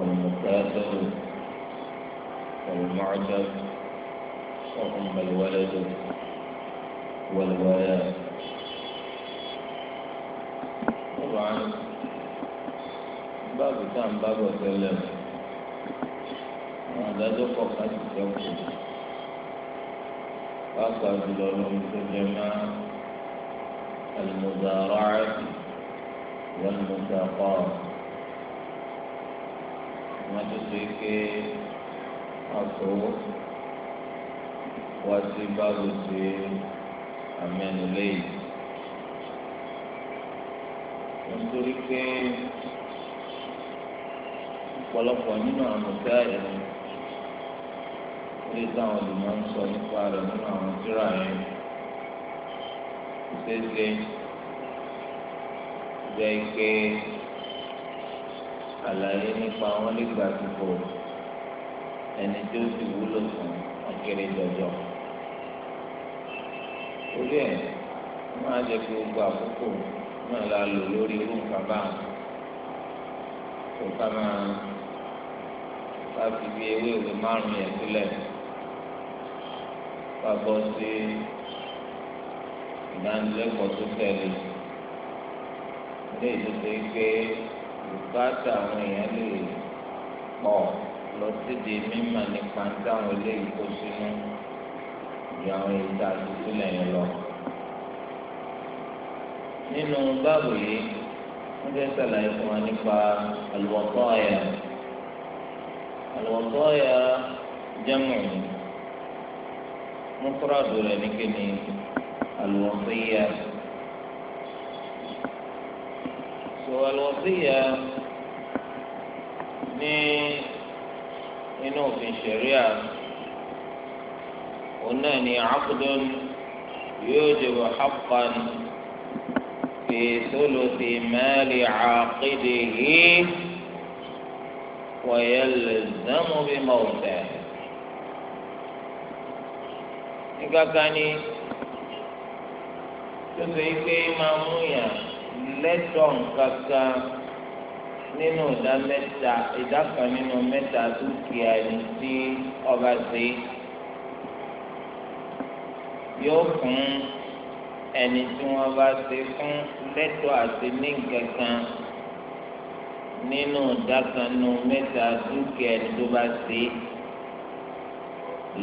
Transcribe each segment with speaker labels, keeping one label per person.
Speaker 1: والمكافر والمعجب وهم الولد والولاء طبعا باب كان باب وسلم هذا آه، دقة قد يكون أقصد لهم ترجمة المزارعة والمساقات àwọn tó ṣe pé ọ̀tọ̀ wá sí báwo ṣe àmẹ́nu lẹ́yìn. nítorí pé ọ̀pọ̀lọpọ̀ nínú àwọn táyà ilé táwọn olùmọ̀ ń sọ nípa rẹ̀ nínú àwọn tíra yẹn ṣe ṣe jẹ́ pé. àlàyé nípa wọn nígbà àsìkò ẹni tó sì wúlò fún ọkẹrẹ jọjọ orí ẹ máa jẹ kí gbogbo àkókò náà la lò lórí irú nǹkan bá ká máa ká fi bí ewé ìwé márùn yẹn sílẹ̀ ká bọ́ sí ìdánilẹ́kọ̀ọ́ tó tẹ̀lé ilé ìdókòwò pé bùkátà àwọn èèyàn lè pọ̀ lọ síbi mímọ̀ nípa táwọn eléyìí kó sínú ju àwọn ìta àtúntúlẹ̀ yẹn lọ. nínú báàbò yìí wọ́n fẹ́ sàlàyé fún wa nípa al-wasaya al-wasaya jam'u mufradu rẹ̀ ní kíni al-wasiyya. والوصية ني إنو في الشريعة ونني عقد يوجب حقا في ثلث مال عاقده ويلزم بموته إذا كان تزيدي مامويا lẹ́tọ̀ nǹkankan nínú ìdá mẹ́ta ìdá kan nínú mẹ́ta dúkìá ẹni tí ọba ṣe yóò fún ẹni tí wọ́n bá ṣe fún lẹ́tọ̀ àti ní nǹkankan nínú ìdá kan nínú mẹ́ta dúkìá ẹni tó bá ṣe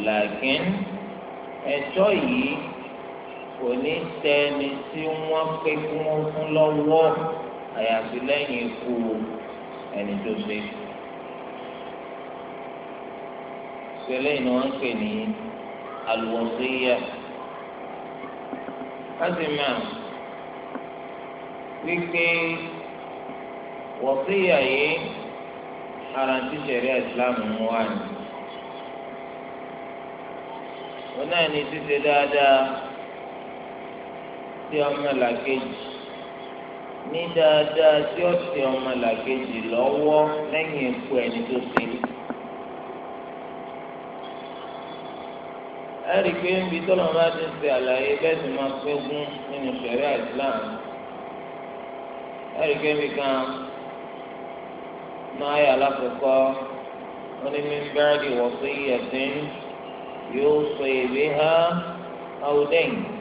Speaker 1: làákín ẹ̀tọ́ yìí kò ní tẹni tí wọ́n pé kí wọ́n fún lọ́wọ́ àyàfi lẹ́yìn ikú ẹni tó ṣe. ìpele yìí ni wọ́n ń pè ní alùwọ̀síyà. láti máa wípé wọ̀síyà yìí ara ti ṣẹ̀rí ìsìlámù ń wá ní. wọn náà ní ṣíṣe dáadáa sí ọmọlàkejì ní dáadáa tí ó ti ọmọlàkejì lọ́wọ́ lẹ́yìn ikú ẹni tó ṣe é. ẹ̀rí pé ń bi tọ́lọ̀ máa ti ṣe àlàyé bẹ́ẹ̀ sì máa pẹ́gún nínú ṣẹ̀ríà Islam ẹ̀rí pé mi kan náà yà lákòókò wọn ni mi ń bẹ́rẹ̀ ẹ̀sìn yóò sọ èlé ha àwùdẹ́yìn.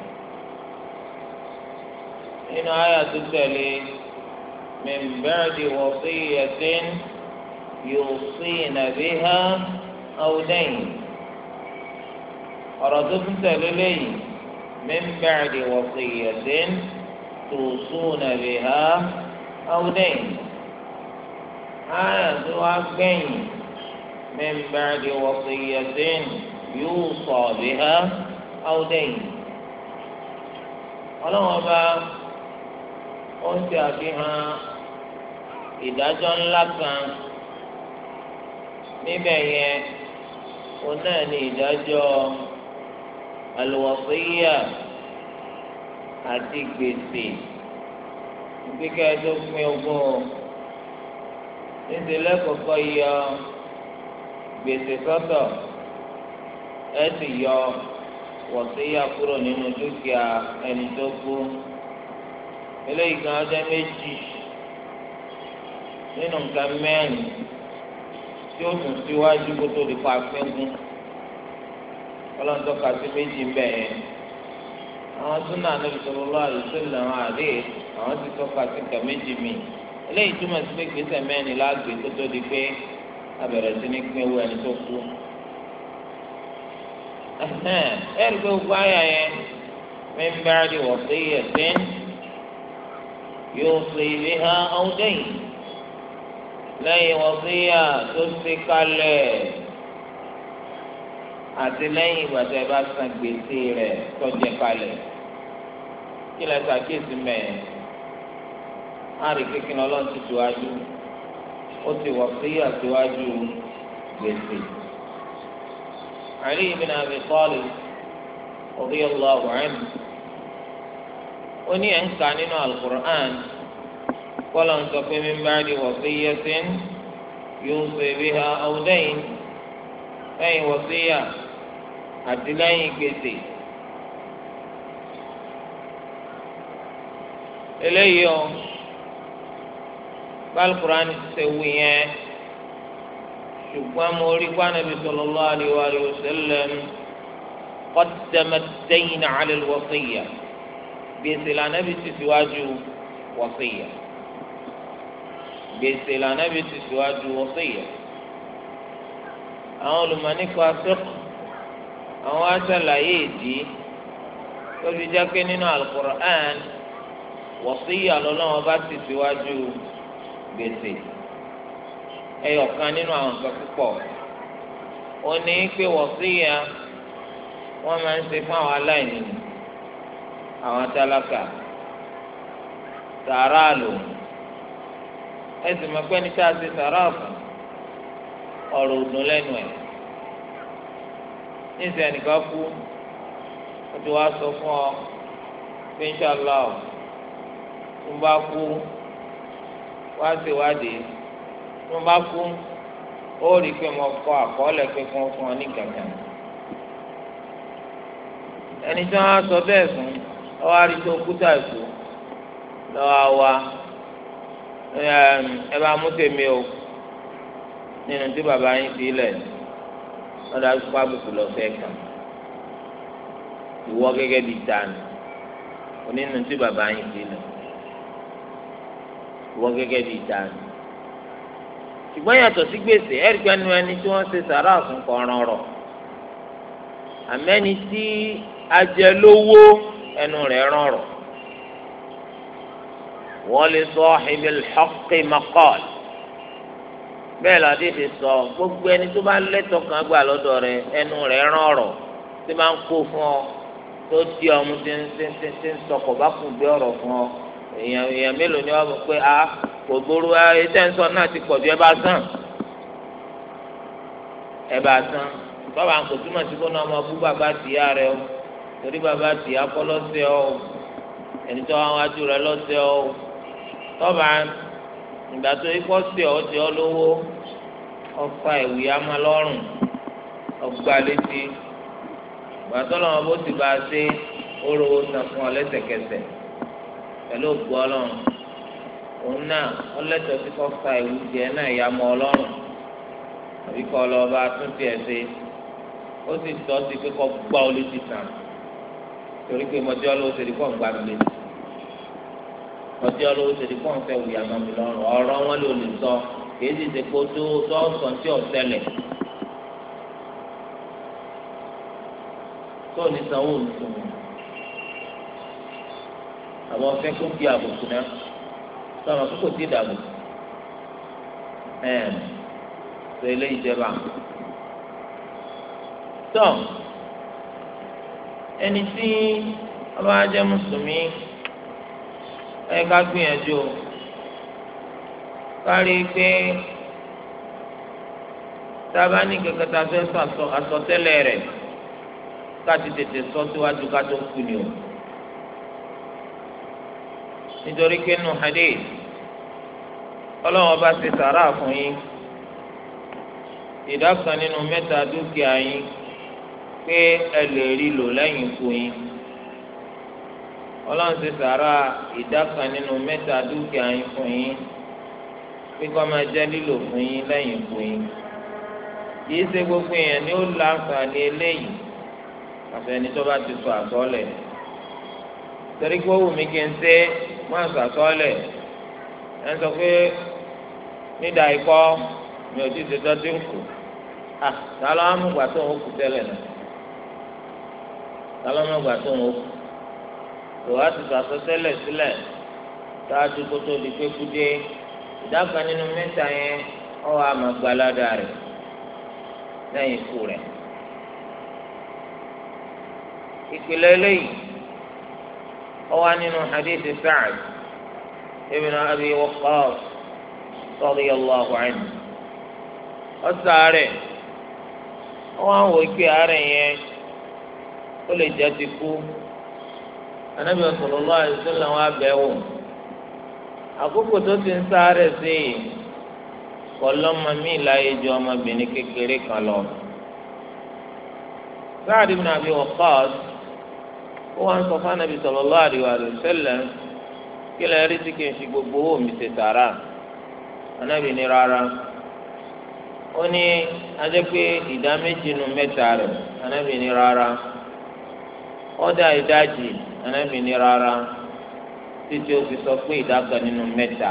Speaker 1: nínú ayé àtúntẹ̀lé mẹ́mbẹ́rẹ́dì min ẹ̀sìn yóò yusina ìnàbí aw áwùdẹ́yìn. ọ̀rọ̀ tó tún tẹ̀lé lẹ́yìn mẹ́mbẹ́rẹ́dì min ẹ̀sìn tó sún ìnàbí aw áwùdẹ́yìn. ayé tó wá gbẹ̀yìn mẹ́mbẹ́rẹ́dì min ba'di wasiyatin yusa biha aw dayn ọlọ́wọ́n bá. ó ń ṣe àfihàn ìdájọ́ ńlá kan níbẹ̀ yẹn ó náà ní ìdájọ́ àlùwọ̀síyà àti gbèsè gbígbẹ́ tó pín ogún níṣẹ́ lẹ́kọ̀ọ́kọ́ yọ gbèsè sọ́tọ̀ ẹ sì yọ wọ̀síyà kúrò nínú dúkìá ẹni tó kú eléyìí kan ọjọ́ méjì nínú nǹkan mẹ́rin tí ó tún síwájú kó tó di pa pínkún ọlọ́run tó ka sí méjì ń bẹ̀ yẹn àwọn súnà níbi tó lọ́wọ́ àdúgbò làwọn àdé àwọn ti tó ka sí nǹkan méjì mi eléyìí túmọ̀ sí pé gbèsè mẹ́rin lágbè kó tó di pé abẹ̀rẹ̀ sí ní pín owó ẹni tó kú ẹ̀ẹ́dẹ́gbẹ́ gbogbo àyà yẹn mi ń bá a di wọ̀ يوصي بها أو دين lẹ́yìn wọ́síyà tó ṣe kalẹ̀ àti lẹ́yìn ìgbà tẹ́ bá san gbèsè rẹ̀ tó jẹ kalẹ̀ kí lẹ́ ṣàkíyèsí mẹ́ẹ̀ á kékeré ọlọ́run ti tiwájú ó ti wọ́síyà tiwájú gbèsè. علي بن أبي طالب رضي الله عنه ó ní ẹ̀ ń kà nínú alukur'an kọ́lá ń sọ fún pé mímbá di sí ń yóò wasiyatin yusi biha aw dayn lẹ́yìn wọ́síyà àti lẹ́yìn gbèsè. eléyìí o bálùkùránì ti ṣe wù yẹn ṣùgbọ́n mo rí kwanabi sallallahu alaihi wa sallam qaddamat dayn ala alwasiya. gbèsè lànàbì ti síwájú wọ́síyà gbèsè lànàbì ti síwájú wọ́síyà àwọn olùmọ̀nìkọ́ asẹ́kù àwọn aṣàlàyé ìdí tó fi jáké nínú alukur'an wọ́síyà lọ́lọ́wọ́ bá ti síwájú gbèsè ẹyọkan nínú àwọn nǹkan púpọ̀ ó pé wọ́síyà wọ́n máa ń ṣe fún aláìní ni àwọn tálákà sàárà lò ẹ sì ní tá a ti sàárà fún ọ̀rọ̀ òdùn lẹ́nu ẹ̀ níṣẹ́ ẹnìkan kú ó ti wá sọ fún ọ pé inshallah tó bá kú wá ṣèwádìí tó bá kú ó rí i pé mo kọ àkọọ́lẹ̀ pé kí wọ́n fún ọ ní gàgà ẹni tí wọ́n á sọ bẹ́ẹ̀ fún un lọ́wọ́ arígbó kúta ìkú lọ́wọ́ awa ẹ bá mú tèmi o nínú tí bàbá yín fi lẹ̀ lọ́dọ̀ àbúkọ́ àbùkù lọ́fẹ́ kan ìwọ gẹ́gẹ́ bíi tani onínú tí bàbá yín fi lẹ̀ ìwọ gẹ́gẹ́ bíi tani ṣùgbọ́n yàtọ̀ sí gbèsè ẹ̀ríkà nu ẹni tí wọ́n ṣe sàrà fún kọ̀ọ̀rọ̀ àmẹ́ni tí ajẹ́ lówó ẹnu rẹ̀ rọrùn wọ́n lè sọ ibil haqqi maqal bẹ́ẹ̀ lọ́dí ti sọ gbogbo ẹni tó bá lẹ́tọ̀ọ́ kan gbà lọ́dọ̀ rẹ̀ ẹnu rẹ̀ rọrùn tí máa ń kó fún ọ tó di ọmú tí ń tí ń tí ń tí ń sọkọ̀ bá kùn bí ọ̀rọ̀ fún ọ èèyàn èèyàn mélòó ni wọ́n pé a ah, kò gbóró ẹjẹ́ ah, ń sọ náà ti pọ̀ ju ẹ bá sàn ẹ bá sàn tọ́ba kò túmọ̀ sí kó náà ọmọ bú bàbá tìyá rẹ o torí bàbá tì á kọ́ lọ́sẹ̀ ọ́ ẹni tó wá wájú rẹ lọ́sẹ̀ ọ́ tọ́ba ìgbà tó ikọ́ sí ọ́ ti ọ́ lówó ọfà ìwé amálọ́rùn ọgbà létí ìgbà tó lọ́wọ́ bó ti bá a ṣe ó rówó san fún ọ lẹ́sẹ̀kẹsẹ̀ pẹ̀lú ògbó ọlọ́run òun náà ọlẹ́tọ̀ọ́ sí kọ́fà ìwé jẹ náà ìyàmọ́ ọlọ́run àbíkọ́ lọ́ọ́ bá tún tiẹ̀ ṣe ó sì tọ́ sí pé kọ́ gbá ọ létí sàn torí pé mọ̀jọ́ ló ṣe kọ́ ń gbà mí létí mọ̀jọ́ ló ṣe kọ́ ń fẹ́ wùyà mọ́ mi lọ́rùn ọ̀rọ̀ wọn ló lè sọ kìí sì ṣe kó tó sọ́ọ̀sán tí ò tẹ́lẹ̀ tó ní sanwó nìkan àwọn fẹ́ kó di àbùkù náà tó àwọn àkókò tí ì dàbò ẹ̀ẹ́n tó eléyìí jẹba tó ẹni tí ọba jẹ́ mùsùlùmí ẹ ká gbìyànjú o kárí pé tábà ní kankan tá a fẹ́ sọ àsọtẹ́lẹ̀ rẹ̀ ká ti tètè sọ síwájú ká tó kú ni o nítorí pé nù hadith ọlọ́run ọba ṣe sàrà fún yín ìdá kan nínú mẹ́ta dúkìá yín pé ẹ lè rí lò lẹ́yìn ikú yín ọlọ́run ti sàrà ìdá kan nínú mẹ́ta dúkìá yín fún yín pé kó máa jẹ́ lílò fún yín lẹ́yìn ikú yín kìí ṣe gbogbo èèyàn ni ó láǹfààní eléyìí àfẹni tó bá ti sọ àsọlẹ̀ torí pé ó wù mí kí n ṣe má sọ àsọlẹ̀ ẹ sọ pé nídà ikọ́ mi ò ti ṣe tọ́jú ń kù à ah, tá ló á mú gbà tó ń kù tẹ́lẹ̀ náà kálọ́mọ̀gbà tó ń wò ìwà ti sàtọ́sẹ́lẹ̀ sílẹ̀ ṣáájú kó tó di pé kúdé ìdá kan nínú mẹ́ta yẹn ọwọ́ àmàgbáládà rẹ̀ lẹ́yìn ikú rẹ̀ ìpìlẹ̀ eléyìí ọwọ́ nínú hadithi Sa'd ibn Abi Waqqas radiyallahu anhu ọ̀sàárẹ̀ ọwọ́ àwọn òkè àárẹ̀ yẹn ó lè jẹ́ ti kú anabi sallallahu alaihi wasallam abẹ́ wò àkókò tó ti ń sáré sí i kọlọ́mọ mi láyé ju ọmọbìnrin kékeré kan lọ. Sa'd ibn Abi Waqqas ó wá ń sọ fún anabi sallallahu alaihi wasallam kí lè rí tí kì í fi gbogbo owó mi ṣe sàrà anabi ní rárá ó ní ajẹ́ pé ìdá méjì nu mẹ́ta rẹ̀ anabi ní rárá ọdà ìdajì ẹnẹmí ni rárá títí o fi sọ pé ìdá kan nínú mẹ́ta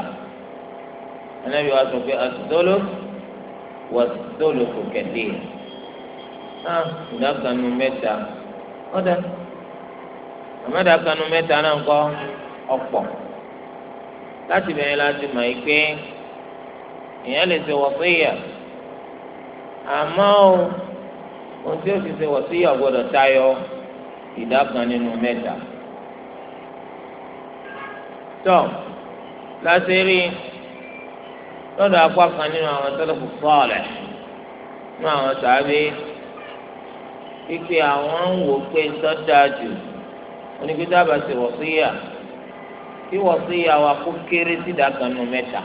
Speaker 1: ẹnẹmí wa sọ pé àtúntòló wà àtúntòló kò kẹdé náà ìdá kan nínú mẹ́ta ọdà àmàdà kan nínú mẹ́ta náà kọ ọ̀pọ̀ láti bẹ̀rẹ̀ láti mọ̀ yìí pé èèyàn lè ṣe wọ̀síyà àmọ́ o ohun tí o fi ṣe wọ̀síyà gbọ́dọ̀ tayọ ìdá kan nínú mẹ́ta. tọ́ lásìrí lọ́dọ̀ apá kan nínú àwọn sàlàfù sọ́ọ̀lẹ̀ nínú àwọn sàábé pípé àwọn ń wò pé sọ́dà jù onígbèdá bá ti wọ̀ síyà tí wọ̀ síyà wa kó kéré sí ìdá kan nínú mẹ́ta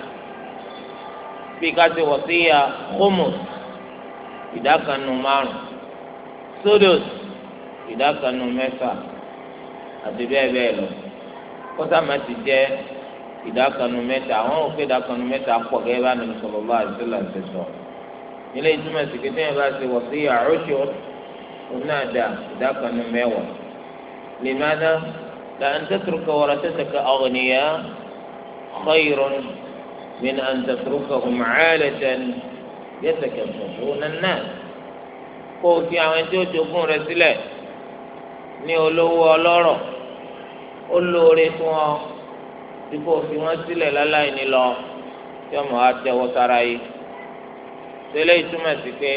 Speaker 1: bí ká ti wọ̀ síyà homus ìdá kan nínú márùn-ún sódòsì ìdákanu mẹ́fà àti bẹ́ẹ̀ bẹ́ẹ̀ lọ kọ́tà má ti jẹ́ ìdákanu mẹ́ta àwọn òfin ìdákanu mẹ́ta pọ̀ gẹ́gẹ́ bá nàbì sọ̀rọ̀ bá àti sọ̀rọ̀ àti sọ̀ nílé ìtumọ̀ sí kété yẹn bá ṣe wọ̀ sí àròṣọ onáàdà ìdákanu mẹ́wàá lèmánà là ń tẹ́tùrúkọ wọ́rọ̀ tẹ́tẹ̀kẹ́ ọ̀gànìyà xeyìrún min à ń tẹ́tùrúkọ fọ̀fọ̀ nánà kó o fi àwọn ẹjọ́ jogún rẹ sílẹ̀ ní olówó ọlọ́rọ̀ ó lóore fún ọ tí kò fi wọ́n sílẹ̀ láláì ní lọ tí ọmọ wa tẹwọ́ sára yìí tẹ́lẹ̀ ìtumọ̀ sí pé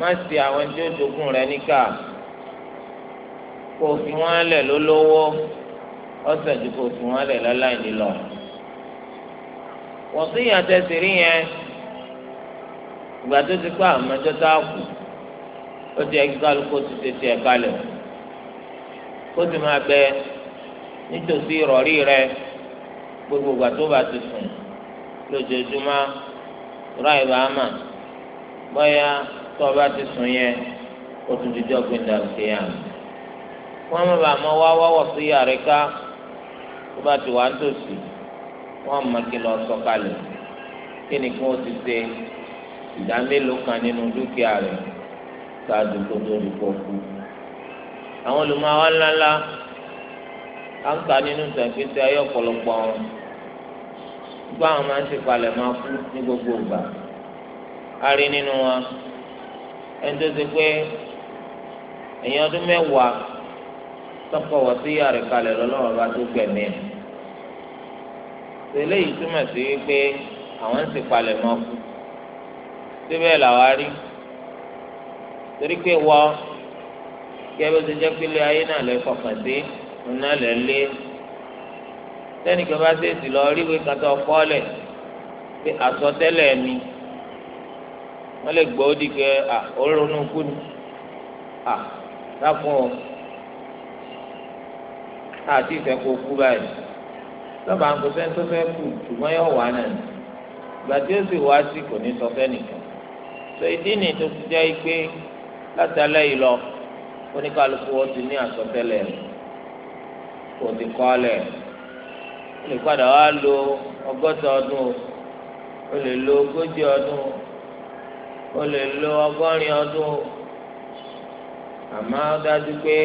Speaker 1: má sì àwọn tí ó jogún rẹ níkà kò fi wọ́n lẹ̀ lólówó ọ̀sẹ̀ ju kò fi wọ́n lẹ̀ láláì ní lọ wọ́n sì yàn tẹ̀sí rí yẹn ìgbà tó ti pé àwọn ọmọ ẹjọ́ tá a kù ó ti ẹgbẹ́ kálukú ti tètè ẹ̀ kalẹ̀ o. kó sì máa bẹ nítòsí ìrọ̀rí rẹ gbogbo ìgbà tó bá ti sùn lójoojúmọ́ rà ìbámà bóyá tó o bá ti sùn yẹn o tún ti jọ gbẹ̀dà kéèyàn wọ́n má bàa mọ wá sí tó bá ti wà nítòsí wọ́n mọ kí ti ṣe ìdá mélòó kan nínú dúkìá rẹ̀ tó àwọn olùmọ̀wá ńláńlá káńkà nínú ìtàgbésí ayé ọ̀pọ̀lọpọ̀ wọn gbogbo àwọn máa ń ti palẹ̀ máa kú ní gbogbo ìgbà a rí nínú wa ẹni tó ti pé ẹ̀yìn ọdún mẹ́wàá tọkọ wọ sí yàrá kalẹ̀ lọ́lọ́wọ́ bá tó gbẹ̀mí ẹ̀ tẹ́lẹ̀ yìí túmọ̀ sí wípé àwọn ń ti palẹ̀ máa kú síbẹ̀ làwa rí torí pé wọ́n kí ẹ bá ti jẹ́ pélé ayé náà lẹ́ fọkàn sí ọ̀nà lẹ́ lé tẹ́nìkan bá ṣèṣì lọ ríwé kàtọ́ kọ́lẹ̀ pé àsọtẹ́lẹ̀ mi wọ́n lè gbọ́ di pé à ó ronú kú ni à dákun o àti ìfẹ́kọ̀ kú báyìí sábà ń kó sẹ́ni tó fẹ́ kú ṣùgbọ́n yóò wà náà ìgbà tí ó sì wá sí kò ní sọ fẹ́ nìkan sọ ìdí nìyí tó ti jẹ́ pé látàlẹ́ yìí lọ. oníkàlùkù wọn ti ní àsọtẹ́lẹ̀ kò ti kọ́ lẹ̀ ó lè padà wá lo ọgọ́ta ọdún ó lè lo ogójì ọdún ó lè lo ọgọ́rin ọdún àmọ́ dájú pé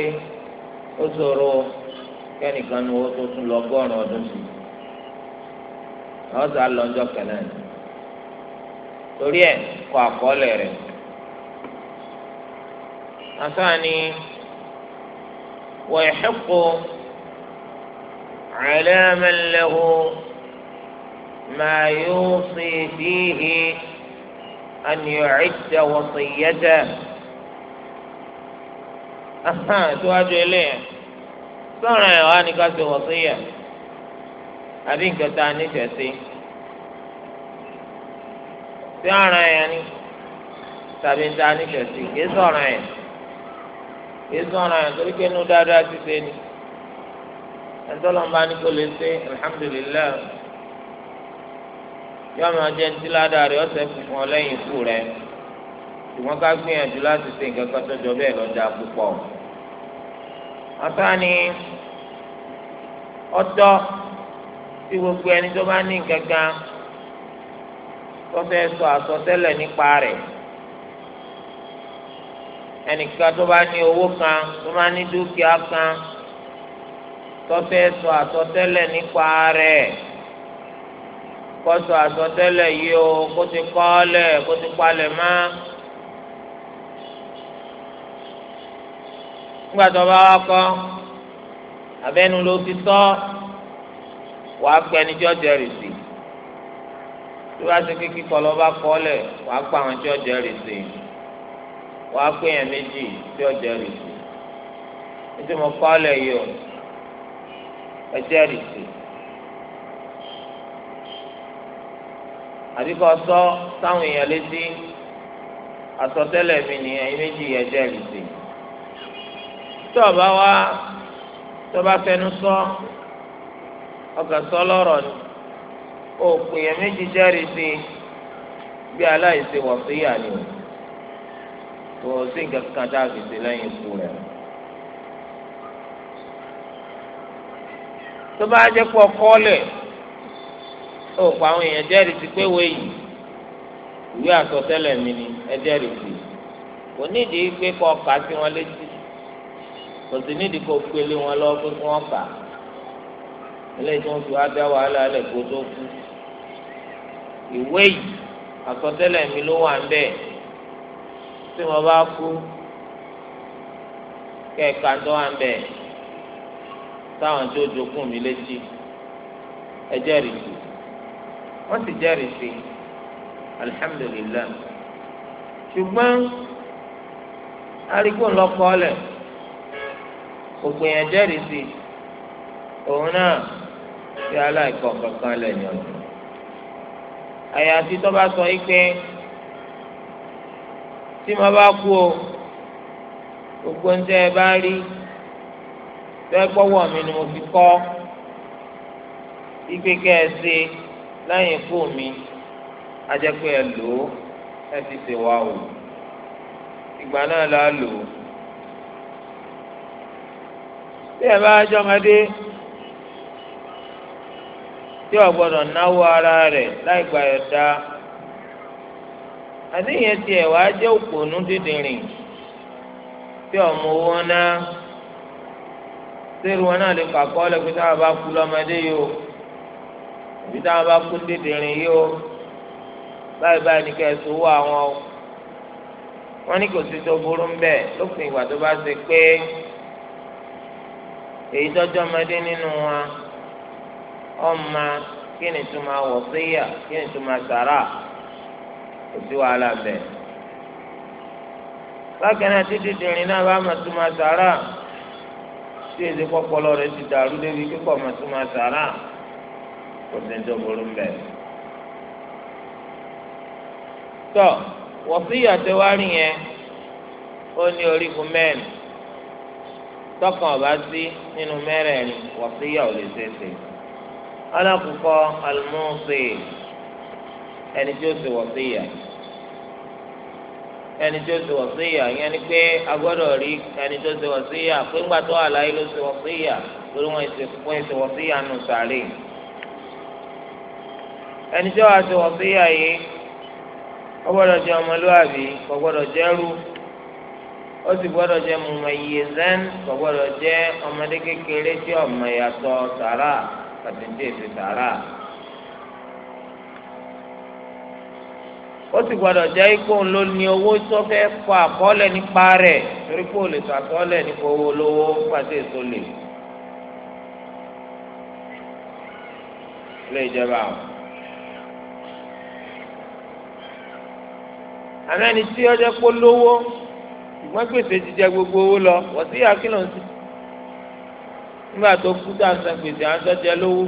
Speaker 1: ó ṣòro kẹ́nìkan ni wọ́n tó tún lọ ọgọ́rùn-ún ọdún sí ọ̀sán lọ́jọ́ kẹlẹ́ kọ àkọọ́lẹ̀ rẹ̀. أتاني ويحق على من له ما يوصي فيه أن يعد وصيته أها تواجه ليه؟ صار يا واني كاتب وصية أبين كتاني شاسي صار يعني تابين تاني شاسي كيف صار يعني kìí sọ̀rọ̀ yẹn torí pé inú dáadáa ti ṣe ni ẹ̀ńtọ́lọ́mbà ni kò lè ṣe alhamdulilayi yọ ọmọ jẹ ntí ládàá rẹ ọsẹ fífún ọ lẹ́yìn ikú rẹ ṣùgbọ́n ká gbìyànjú láti ṣe nǹkan kan tó jọ bẹ́ẹ̀ lọ́jà púpọ̀ ọ̀tá ni tí gbogbo ẹni tó bá ní nǹkan tó fẹ́ sọ àsọtẹ́lẹ̀ nípa rẹ̀ ẹnìkan tó bá ní owó kan tó bá ní dúkìá kan tọ́fẹ́ sọ àsọtẹ́lẹ̀ nípa rẹ̀ kọ́sọ àsọtẹ́lẹ̀ yìí o kó ti kọ́lẹ̀ kó ti palẹ̀ mọ́. nígbà tó bá wá kọ́ abẹ́nu ló ti tọ́ wàá pẹ́ ní jọ́jẹ́ rì sí tó bá ti kíkí kọ́ lọ́ bá kọ́lẹ̀ wàá pa àwọn jọ́jẹ́ rì sí i wàá pé yẹn méjì tí ọjà rì sí nítorí mo kọ́ ọ́lẹ̀ yìí o ẹjẹ́ rì sí àbíkọ́ sọ sáwọn èèyàn létí àsọtẹ́lẹ̀ mi ní ẹ̀yin méjì ẹjẹ́ rì sí tí ọba wa tí ọba fẹnu sọ ọkà sọ lọ́rọ̀ ni òpè yẹn méjì jẹ́rìí sí bí aláìsè wọ̀ sí ni o kò sí nǹkan kan tá a fi ṣe lẹ́yìn ikú rẹ̀. tó bá jẹ́ pé ọkọ lẹ̀ ó pa àwọn èèyàn jẹ́rìí sí pé wéyì ìwé àsọtẹ́lẹ̀ mi ni ẹ jẹ́rìí sí kò nídìí pé kọ́ ọkà sí wọn létí kò sí nídìí kó pélé wọn lọ pé kí wọ́n kà á eléyìí tí wọ́n fi wá dá wàhálà alẹ́ kó tó kú ìwé yìí àsọtẹ́lẹ̀ mi ló wà ń bẹ́ẹ̀ tí mo bá kú kẹka tó wà ń bẹ táwọn tó jogún mi létí ẹ jẹ́rìí sí wọn sì jẹ́rìí sí alihamudulilayi ṣùgbọ́n arigbo ńlọkọ lẹ ògbìyàn jẹ́rìí sí òun náà fi aláìkọ kankan lẹ ní ọdún àyàfi tó bá sọ yìí pé tí mo bá kú o gbogbo ń tẹ́ ẹ bá rí tẹ́ gbọ́wọ́ mi ni mo fi kọ́ igbe kẹ́ ẹ ṣe lẹ́yìn ikú mi ajẹ́pẹ́ ẹ lò ó ẹ fi ṣe wá o ìgbà náà la lò ó. tí ẹ bá jọ ọmọdé tí ò gbọ́dọ̀ náwó ara rẹ̀ láì gbà yọ̀dá. àdéhìyẹn tiẹ̀ wàá jẹ́ òpònú dídìrín tí ọmọ owó náà sẹ́rù wọn náà lè fà kọ́ lẹ́kọ́ tí wọ́n bá kú lọ́mọdé yìí o àbí tí wọ́n bá kú dídìrín yìí o báyìí báyìí ní ẹ̀ sọ́wọ́ o ní kò sí tó burú ń bẹ̀ lópin kò sí wàhálà bẹ́ẹ̀. bákan náà títí dìrín náà bá máa tún máa sàárà tí èdè pọpọlọ rẹ ti dàrú débi kíkọ máa tún máa sàárà kò sí ní tó burú bẹ́ẹ̀. tọ́ wọ́síyà tó wá rí yẹn ó ní orígun mẹ́rin tọkàn ọba sí nínú mẹ́rẹ̀ẹ̀rin wọ́síyà ò lè ṣeéṣe alákòókò almọ́ọ̀sì ẹni tí ó ṣe wọ́síyà yìí. ẹni tó ṣe wọ̀síyà yẹn ni pé a gbọ́dọ̀ rí ẹni tó ṣe wọ̀síyà pé ńgbà tó wà láyé ló ṣe wọ̀síyà lórí wọn ṣe wọ̀síyà nù sàárè ẹni tó wà ṣe wọ̀síyà yìí ó gbọ́dọ̀ jẹ́ ọmọlúwàbí kò gbọ́dọ̀ jẹ́rú ó sì gbọ́dọ̀ tara. iye ó sì gbọdọ̀ jẹ́ ikú òun ló ní owó tó fẹ́ kọ àkọọ́lẹ̀ nípa rẹ̀ torí pé ò lè sọ àkọọ́lẹ̀ nípa owó olówó pàṣẹ èso lè. ilé ìjọba àwọn. àmẹ́ni tí ọjọ́ pé lówó ìgbọ́n gbèsè jíjẹ gbogbo owó lọ wọ́n sí àkìlọ̀ ń sí. nígbà tó kú dáhùn san gbèsè àwọn tó jẹ lówó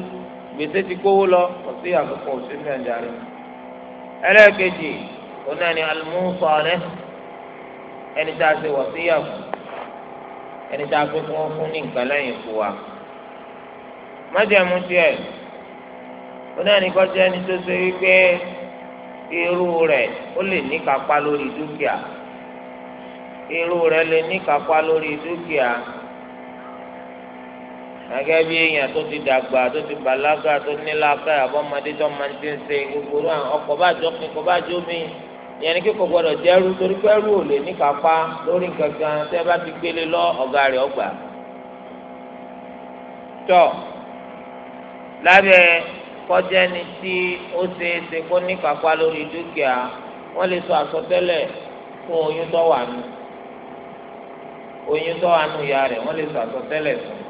Speaker 1: gbèsè ti kówó lọ wọ́n sí àkókò òṣèlú nàìjíríà ẹlẹ́ẹ̀kejì òun náà ni alimusọ̀ọ́lẹ́ ẹni tá a ṣe wọ̀ sí yàgò ẹni tá a fi fún fún ní nǹkan lẹ́yìn ikú wa. májẹ̀mú tiẹ̀ òun náà ni kọ́jú ẹni tó ṣe wípé irú rẹ̀ ó lè ní lórí dúkìá irú rẹ̀ lè ní lórí dúkìá gẹ́gẹ́ bí èèyàn tó ti dàgbà tó ti bàlágà tó níláka àbọ̀mọdé tó máa ń ti ń ṣe gbogbo ọkọ̀ bá jọ kí bá jó mi ìyẹn ni kíkò gbọdọ̀ jẹ́rú torí pé ẹrú ò lè ní kápá lórí nǹkan kan tẹ́ bá ti gbélé lọ ọ̀gá rẹ̀ ọgbà. tọ́ lábẹ́ kọjá ni tí ó ṣe é ṣe kó ní kápá lórí dúkìá wọ́n lè sọ àsọtẹ́lẹ̀ fún oyún tó wà nù oyún tó wà nù ìyá rẹ̀ wọ́n lè sọ àsọtẹ́lẹ̀ fún un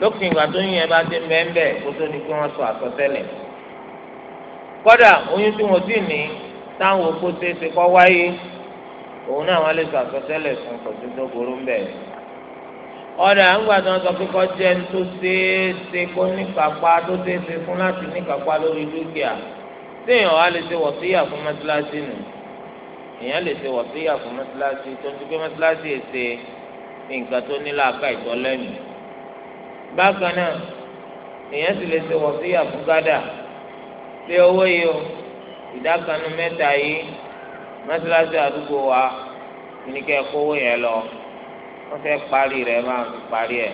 Speaker 1: lókùn ìgbà tó yún yẹn bá dé mbẹ́mbẹ́ kó tó ní kí wọ́n sọ àsọtẹ́lẹ̀ kódà oyún tí wọ́n sì ní táwọn òkú ṣe é ṣe kọ́ wáyé òun náà wọ́n lè sọ àsọtẹ́lẹ̀ fún kòtò tó burú ń bẹ̀. ọ̀dà ńgbà tí wọ́n sọ pé kọ́ jẹ́ ń tó ṣe é ṣe kó níkàpá tó ṣe é ṣe fún láti níkàpá lórí dúkìá téèyàn wá lè ṣe wọ̀síyà fún mọ́tíláṣí nù èèyàn lè ṣe wọ̀síyà fún mọ́tíláṣí tó ń ti pé mọ́tíláṣí èṣe nǹkan tó ní láàká ìtọ́lẹ́mìí bákan náà èèyàn sì lè ṣe wọ̀ sí àbúgádà pé owó yìí o ìdákanu mẹ́ta yìí mọ́sálásí àdúgbò wa ní kẹ́ kówó yẹn lọ wọ́n fẹ́ parí rẹ̀ máa fi parí ẹ̀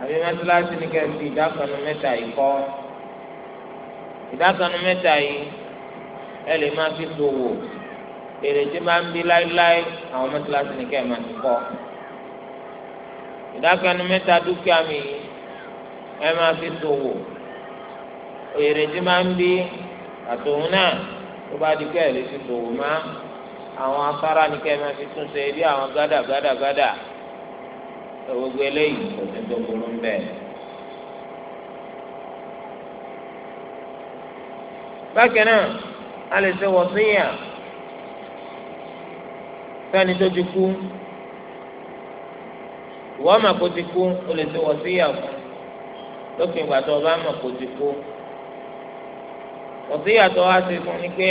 Speaker 1: àbí mọ́sálásí ní kẹ́ fi ìdákanu mẹ́ta yìí kọ́ ìdákanu mẹ́ta yìí ẹ lè máa fi ṣòwò èrè tí máa ń bí láéláé àwọn mọ́sálásí ní kẹ́ máa ti kọ́ ìdákanu mẹ́ta dúkìá mi ẹ máa fi ṣòwò èrè tí máa ń bí àtòun náà tó bá di kẹ́ ẹ̀ lè fi ṣòwò má àwọn afárá ni kẹ́ ẹ máa fi tún ṣe bí àwọn gádà gádà gádà gbogbo eléyìí kò sí tó burú ń bákan náà a lè ṣe wọ̀síyà fẹ́ni tó ti kú ìwọ ọmọ kò ti kú o lè ti wọ sí ìyàwó lókè ìgbà tó o bá mọ̀ kò ti kú òsì ìyàtọ̀ wa ti fún ni pé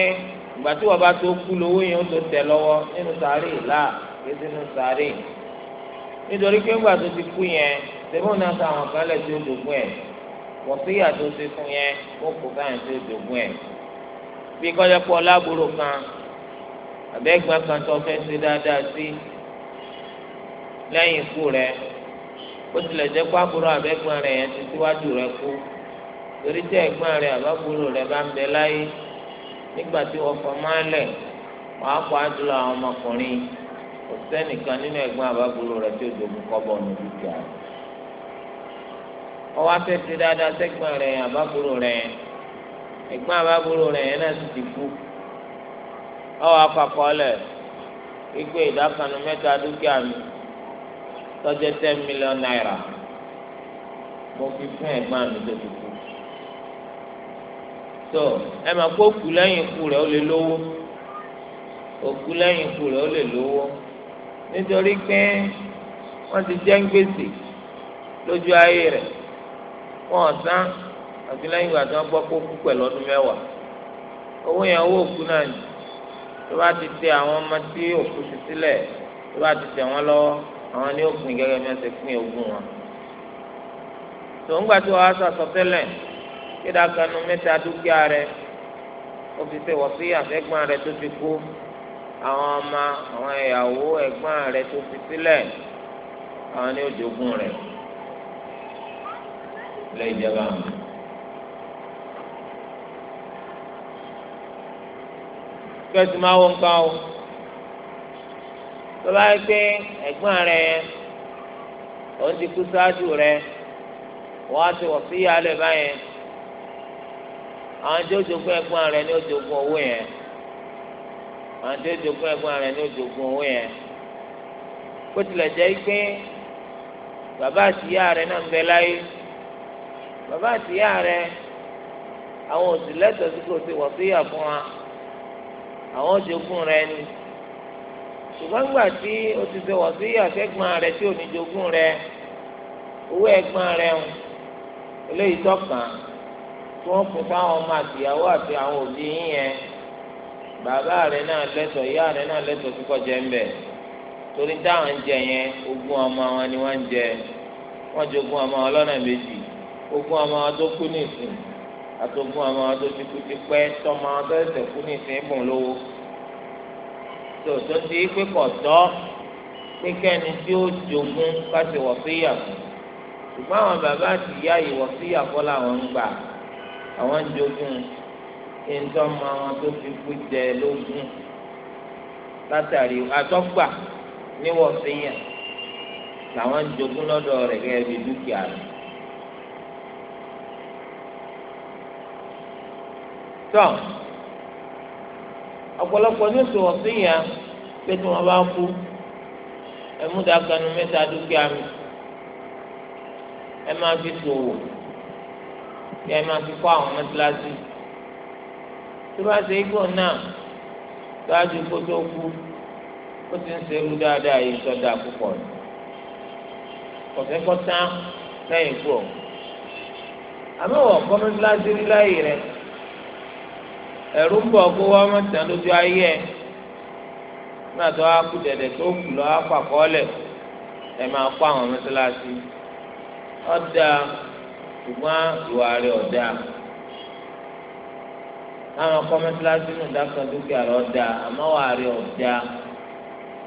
Speaker 1: ìgbà tí wọ́n bá tó kú lówó yẹn ó tó tẹ̀ lọ́wọ́ nínú sàárè là ké sínú sàárè nítorí pé ńgbà tó ti kú yẹn sẹ́fún náà sọ àwọn kan lẹ̀ tí ó dògún ẹ̀ òsì ìyàtọ̀ ti fún yẹn ó kó káyọ̀ tí ó dògún ẹ̀ bí kọ́jà pọ̀ lábúrò kan àbẹ́gbẹ́ kan tó fẹ́ ṣe dáadáa sí. Si lẹ́yìn ikú rẹ ó tilẹ̀ jẹ́ kó àbúrò àbẹ́gbọ́n rẹ yẹn ti síwájú rẹ kú torí tí ẹ̀gbọ́n rẹ àbábúrò rẹ bá ń bẹ láyé nígbà tí wọ́n fọ máa lẹ̀ wàá kọ́ àdúrà àwọn ọmọkùnrin kò sẹ́nìkan nínú ẹ̀gbọ́n àbábúrò rẹ tí kọ́bọ̀ ti dáadáa sẹ́gbọ́n rẹ àbábúrò rẹ ẹ̀gbọ́n àbábúrò rẹ yẹn náà sì ti kú ìdákanu tọ́jẹ́ ten million naira mo fi fún ẹ̀gbọ́n mi tó ti kú so ẹ máa kó kú lẹ́yìn ikú rẹ̀ ó lè lówó òkú lẹ́yìn ikú rẹ̀ ó lè lówó nítorí pé wọ́n ti jẹ́ ń gbèsè lójú ayé rẹ̀ wọ́n ọ̀sán àti lẹ́yìn ìgbà tí wọ́n gbọ́ kó kú pẹ̀lú ọdún mẹ́wàá owó yẹn owó òkú náà ni tó bá ti tẹ àwọn ọmọ tí òkú ti sílẹ̀ tó bá ti tẹ wọ́n lọ́wọ́ àwọn ni ó pin gẹ́gẹ́ bí wọ́n ti pín ogún wọn. tòun gbà tí wàá sàsọ tẹ́lẹ̀ kéde akanu mẹ́ta dúkìá rẹ̀ ó fi ṣe wọ́sí àfẹ́gbọ́n rẹ̀ tó ti kú àwọn ọmọ àwọn ìyàwó ẹ̀gbọ́n rẹ̀ tó fi sílẹ̀ àwọn ni ó jogún rẹ̀ lẹ́yìn ìjọba àwọn. kẹ́sì máa wọ nǹkan o tó bá yẹ pé ẹ̀gbọ́n rẹ yẹn òun ti kú sáájú rẹ wọ́n á ti wọ̀ sí ìyáálẹ̀ báyẹn àwọn tí ó jogún ẹ̀gbọ́n rẹ ni ó jogún owó yẹn àwọn tí ó jogún ẹ̀gbọ́n rẹ ni ó jogún owó yẹn kó tilẹ̀ jẹ́ pé bàbá àtìyá rẹ náà ń bẹ láyé bàbá àtìyá rẹ àwọn òsì lẹ́tọ̀ọ́ sí kò sí wọ̀ síyà fún wa àwọn jogún rẹ ni ṣùgbọ́n gbà tí o ti ṣe wọ̀ sí àṣẹ́gbọ́n rẹ tí ò ní jogún rẹ owó ẹ̀gbọ́n rẹ ń eléyìí tọkàn tí wọ́n fún fáwọn ọmọ àtìyàwó àti àwọn òbí yín yẹn bàbá rẹ náà lẹ́tọ̀ọ́ ìyá rẹ náà lẹ́tọ̀ọ́ kíkọ́ jẹ ń bẹ̀ torí táwọn ń jẹ yẹn ogún ọmọ wọn ni wọ́n ń jẹ wọ́n jogún ọmọ wọn lọ́nà méjì ogún ọmọ wọn tó kú nìsín àtogún ọmọ wọn tó ti kú ti pẹ́ tọ́mọ wọn tó ẹsẹ̀ kú nìsín bùn lówó tó tó ti pé kọ̀tọ́ pé kẹ́ni tí ó jogún ká ṣe wọ̀síyà fún ṣùgbọ́n àwọn bàbá àti ìyá yìí wọ̀síyà kọ́ làwọn ń gbà àwọn jogún kí n tọ́ mọ àwọn tó fi kú jẹ lógún látàrí àtọ́gbà ní wọ̀síyà làwọn jogún lọ́dọ̀ rẹ̀ gẹ́gẹ́ bí dúkìá rẹ̀. tọ́ ọ̀pọ̀lọpọ̀ ní oṣù wọ̀síyà pé tí wọ́n bá kú ẹ̀múdàkanu mẹ́ta dúkìá mi ẹ máa fi ṣòwò kí ẹ máa fi kọ́ àwọn mẹ́tíláṣí tó bá ṣe igbó náà ṣáájú kó tó kú ó ti ń ṣerú dáadáa yìí sọ́dà púpọ̀ ni kọ̀fẹ́ kọ́ tán lẹ́yìn kú ọ̀ àmọ́ wọ̀ kọ́ mẹ́tíláṣí rí láyè rẹ̀ ẹ̀rú ń bọ̀ kó wọ́n má tẹ̀ lójú ayé ẹ̀ nígbà tó wá kú dẹ̀dẹ̀ tó kù lọ́wọ́ àpàkọ́ọ́lẹ̀ ẹ̀ máa kó àwọn mọ́sálásí ọ̀dà ṣùgbọ́n ìwà rẹ̀ ọ̀dà àwọn kọ́ mọ́sálásí nù dákan dúkìá rẹ̀ ọ̀dà àmọ́ wà rẹ̀ ọ̀dà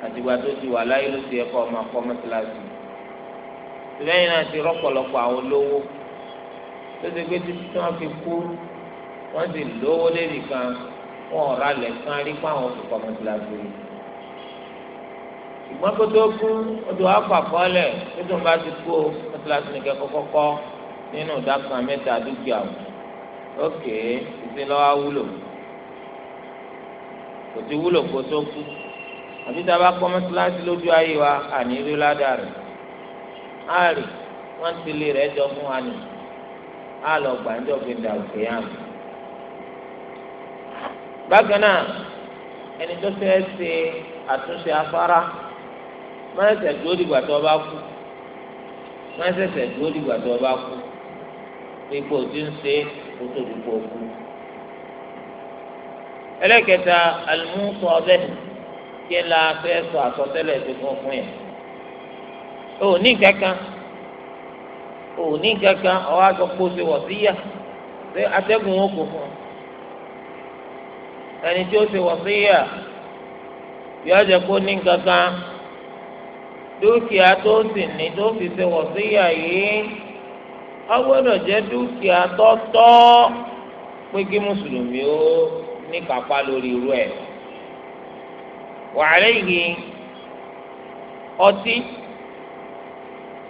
Speaker 1: àtìgbà tó ti wà láyé ló ti yẹ kọ́ ọmọ akọ́ mọ́sálásí lẹ́yìn náà ti rọ́pọ̀lọpọ̀ àwọn olówó tó ti gbé títí tí wọ́n fi kú wọ́n sì lówó lẹ́nu kan wọ́n ọ̀rá lẹ̀ kan rí fún àwọn òkùnkùn ọmọdélágbé ìgbọ́n kó tó kú ó ti wá pàpọ́ lẹ̀ tó tó ń bá ti kú ó mọ́tíláṣí nìkan kọ́kọ́ nínú ìdá kan mẹ́ta dúkìá o ókè ìsìn lọ́wọ́ wúlò kò ti wúlò kó tó kú àbí tá a bá kọ́ mọ́tíláṣí lójú ayé wa àní rí ládàá rẹ̀ á rì wọ́n ti lè rẹ̀ jọ fún wa nì á lọ gbàǹjọ́ gbẹ̀dà òkè yá bákan náà ẹni tó fẹ́ ṣe àtúnṣe afárá má ṣẹ̀ṣẹ̀ dúró dìgbà tó bá kú má ṣẹ̀ṣẹ̀ dúró dìgbà tó bá kú ipò tí ń ṣe kó tó dìgbò kú. ẹlẹ́kẹta àlùmúsọ ọbẹ̀ kí la fẹ́ sọ àsọtẹ́lẹ̀ tó fún fún yẹn. o ní kankan o ní kankan ọ̀ wá o ṣe wọ̀ síyà ṣé atẹ́gùn ó kò fún ọ. ẹni tí ó ṣe wọ̀síyà yóò jẹ́ kó ní kankan dúkìá tó sì ní tó fi ṣe wọ̀síyà yìí ó gbọ́dọ̀ jẹ́ dúkìá tọ́tọ́ pé kí mùsùlùmí ó ní kápá lórí irú ẹ̀ wàhálà yìí ọtí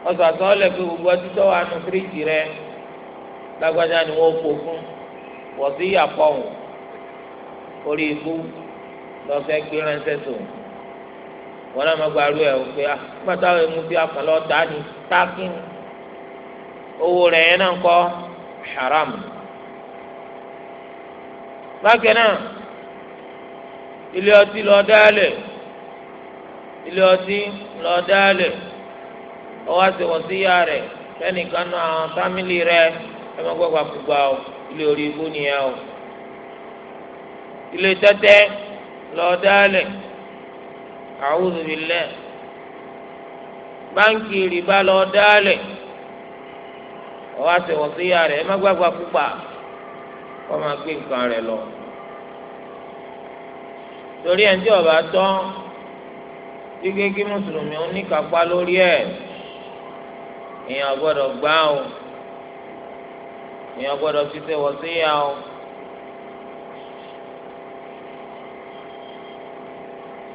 Speaker 1: ọsàtọ lẹ fi gbogbo ọtí tó wà nù fíríjì rẹ lágbájá ni wọn kó fún wọ́n sí yàpọ̀ ọ̀hún orí ikú lọ fẹ́ gbé ránṣẹ́ tó wọn náà má gba arú ẹ o pé pátá emu tí a kàn lọ dá ni táàkì owó rẹ̀ yẹn náà kọ́ haram bákan náà ilé ọtí lọ dálẹ̀ ilé ọtí lọ dálẹ̀ ọwọ́ àti wọ̀síyá rẹ̀ lẹ́nìkan náà àwọn fámìlì rẹ̀ ẹ má gbọ́ gbàkúgbà ilé orí ikú nìyẹn o ilé tẹ́tẹ́ lọ́ọ́ dálẹ̀ a'udhu billah báńkì rìbá lọ́ọ́ dálẹ̀ ọwọ́ àtẹ̀wọ̀ sí ya rẹ̀ ẹ má gbàgbà púpà kọ́ máa gbé nǹkan rẹ̀ lọ. torí ẹ̀ ń tí ọba tán gbígbé kí mùsùlùmí ó lórí ẹ̀ èèyàn gbọ́dọ̀ gbá o èèyàn gbọ́dọ̀ fi tẹ̀wọ̀ sí o.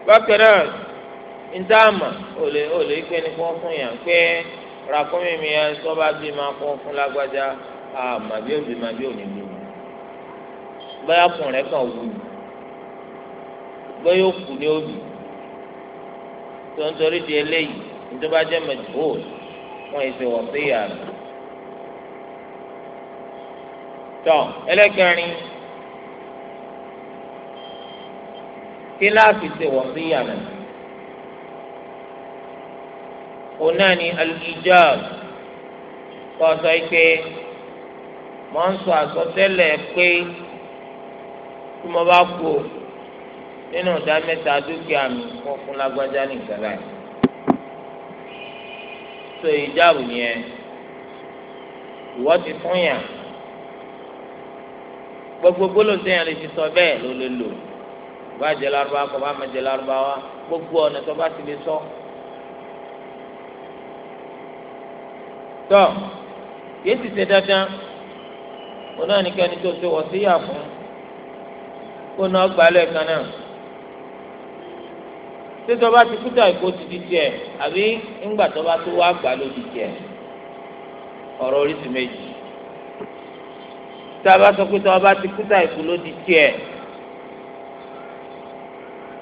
Speaker 1: bákan náà ntaama olè olè pé ní kún fún yàn pé ràkúnmí mi yẹn sọ́ba bí máa kún fún lágbájá àmàbí òbí màbí òní bí mi bóyá kùn rẹ kàn wù mí bóyá òkú ni ó bì tó ń torí di eléyìí nítorí bá jẹ́ mẹjọ́ọ̀l fún ètò ọ̀sẹ̀ yàrá. tọ́ ẹlẹ́kẹrin. kí láàfin ṣe wọ̀ sí yàrá òun náà ni al-ijab kọ́ sọ pé mọ̀ ń sọ àsọtẹ́lẹ̀ pé tí mo bá kú nínú ìdá mẹ́ta dúkìá mi kọ́ fún lágbájá nìkan láì so ìjáàbù yẹn ìwọ ti fún yàn gbogbo gbólóhùn sẹ́yìn lè ti sọ bẹ́ẹ̀ ló lè lò bá jẹ lárúbá kọ bá má jẹ lárúbá wa gbogbo ọ̀nà tó bá ti lè sọ. tọ́ kìí ti ṣe dandan òun náà nìkan ni tó ṣe wọ̀ síyà fún kó náà gbalẹ̀ kan náà títọ́ bá ti kúta ìkó ti di tiẹ̀ àbí ńgbà tó bá tó wá gbà ló di tiẹ̀ ọ̀rọ̀ oríṣi méjì tá a bá sọ pé tó bá ti kúta ìkó ló di tiẹ̀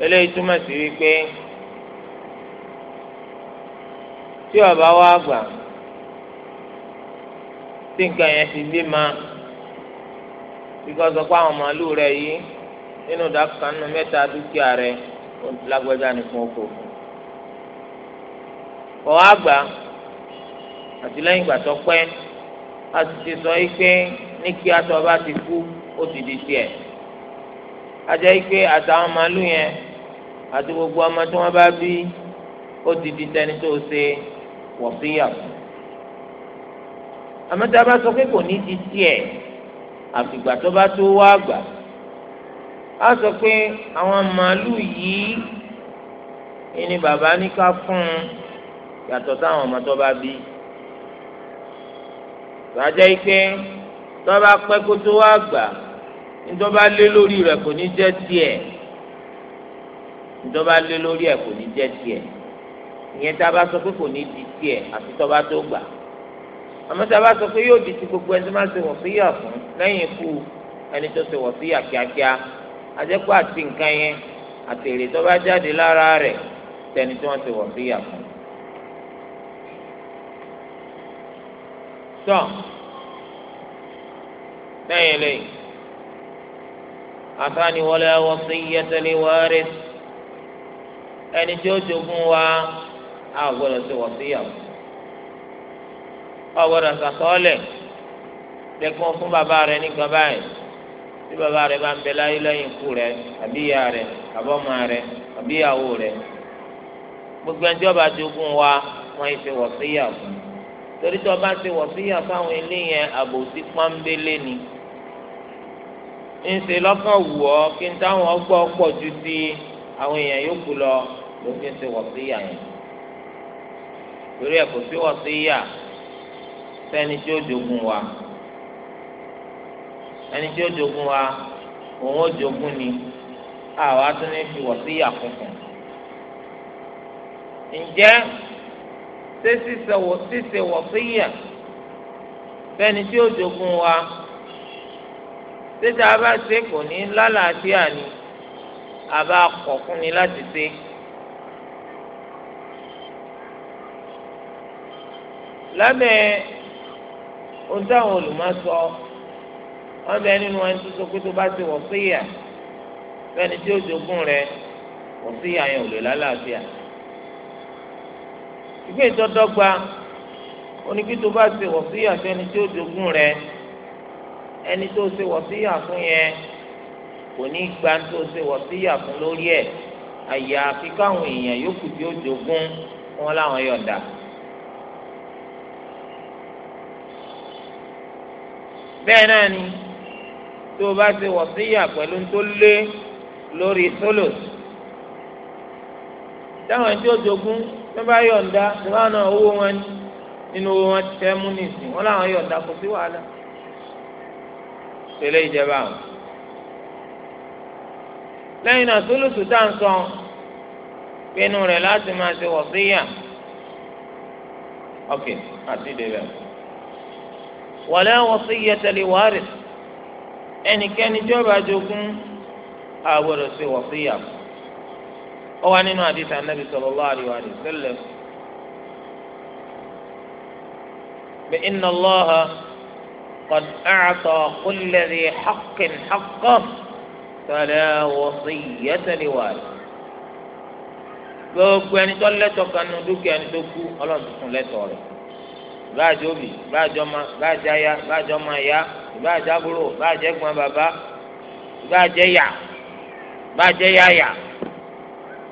Speaker 1: eléyìí túmọ̀ sí wípé tí ọba wa gbà tí nǹkan yẹn ti bí ma bíkọ́sọ pé àwọn màálù rẹ̀ yìí nínú ìdákan nínú mẹ́ta dúkìá rẹ̀ lágbájá nìkan kò ọ̀hún àgbà àtìlẹ́yìn ìgbà tó pẹ́ a sì ti sọ yìí pé ní kí atọ́ bá ti kú ó ti di tiẹ̀ ajá ikpe àtàwọn màálù yẹn àti gbogbo ọmọ tí wọ́n bá bí ó ti di tẹni tó ṣe wọ̀síyà fún àmọ́tá bá sọ pé kò ní di tiẹ̀ àfìgbà tó bá tó wá àgbà a sọ pé àwọn màálù yìí ìní bàbá ní ká fún un yàtọ̀ sáwọn ọmọ tó bá bí ràjẹ́ ike tó bá pẹ́ kó tó wá àgbà ntọ́ba lé lórí rẹ̀ kò ní jẹ́ tiẹ̀ ntọ́ba lé lórí ẹ̀ kò ní jẹ́ tiẹ̀ ìyẹn tá a bá sọ pé kò ní di tiẹ̀ àfi tọ́ba tó gbà àmọ́ tá a bá sọ pé yóò di ti gbogbo ẹni tó máa ṣe wọ̀síyà fún lẹ́yìn ikú ẹni tó ṣe wọ̀síyà kíákíá ajẹ́pọ̀ àti nǹkan yẹn àti èrè tọ́ba jáde lára rẹ̀ tẹni tó wọ́n ṣe wọ̀síyà fún. sọ lẹ́yìn lẹ́yìn àfáàní wọlé wasiyyata li waris ẹni tí ó jogún wa a gbọ́dọ̀ ṣe wasiyya a gbọ́dọ̀ sàtọ́lẹ̀ lẹ́kùn fún bàbá rẹ̀ nígbà báyìí tí bàbá rẹ̀ bá ń bẹ láyé lẹ́yìn ikú rẹ̀ àbí ìyá rẹ̀ àbọ́mọ rẹ̀ àbí ìyàwó gbogbo ẹni tí ọba jogún wa wọ́n yìí ṣe wasiyya torí tí ọba ṣe wasiyya fáwọn ilé yẹn àbòsí pọ́nbélé ni ńṣe lọ́kàn wù ọ́ kí n táwọn ọgbọ́ pọ̀ ju ti àwọn èèyàn yòókù lọ ló fi ń ṣe wọ̀síyà yẹn torí ẹ̀ kò sí wọ̀síyà sẹ́ni tí ó jogun wa ẹni tí ó jogun wa òun ó jogun ni àwa tún ní fi wọ̀síyà funfun ǹjẹ́ ṣé ṣíṣe wọ̀síyà sẹ́ni tí ó jogun wa títa bá ṣe kò ní lálàáfíà ni àbá kọ̀ fún ni láti ṣe. lábẹ́ ohun táwọn olùmọ̀ sọ wọ́n bẹ nínú ẹni tó sọ pé tó bá ṣe wọ̀ síyà fẹ́ni tí ó jogún rẹ̀ wọ̀ síyà yẹn ò lè lálàáfíà. ìgbé ìtọ́dọ́gba oníkí tó bá ṣe wọ̀ síyà fẹ́ni tí ó jogún rẹ̀ ẹni tó ṣe wọ̀síyà fún yẹn kò ní gba tó ṣe wọ̀síyà fún lórí ẹ̀ àyàfi káwọn èèyàn yòókù tí ó jogún wọn láwọn yọ̀ǹda. bẹ́ẹ̀ náà ni tó o bá ṣe wọ̀síyà pẹ̀lú tó lé lórí solos táwọn tí ó jogún tó bá yọ̀ǹda tó bá náà owó wọn nínú owó wọn tẹ́ mú nìsín wọn láwọn yọ̀ǹda kò sí wàhálà. tẹlẹ ìjẹba àwọn. lẹ́yìn náà sólùsù tá à ń sọ pinnu rẹ̀ láti máa ṣe wọ̀síyà ok àti ìdèbẹ̀. wala wasiyyata li warith ẹnikẹ́ni jọba jogún àwòrán ṣe wọ̀síyà. ó wà nínú àdìsá nàbì sallallahu alaihi wa sallam. بإن الله قد أعطى كل ذي حق حقه فلا وصية لوالد. gbogbo ẹni tó lẹ́tọ̀ọ́ kan nu dúkìá ẹni tó kú Ọlọ́run tuntun lẹ́tọ̀ọ́ rẹ̀ ìbáàjẹ́ òbí ìbáàjẹ́ ọmọ ìbáàjẹ́ aya ìbáàjẹ́ ọmọ ìyá ìbáàjẹ́ àbúrò ìbáàjẹ́ ẹ̀gbọ́n bàbá ìbáàjẹ́ yà ìbáàjẹ́ yáyà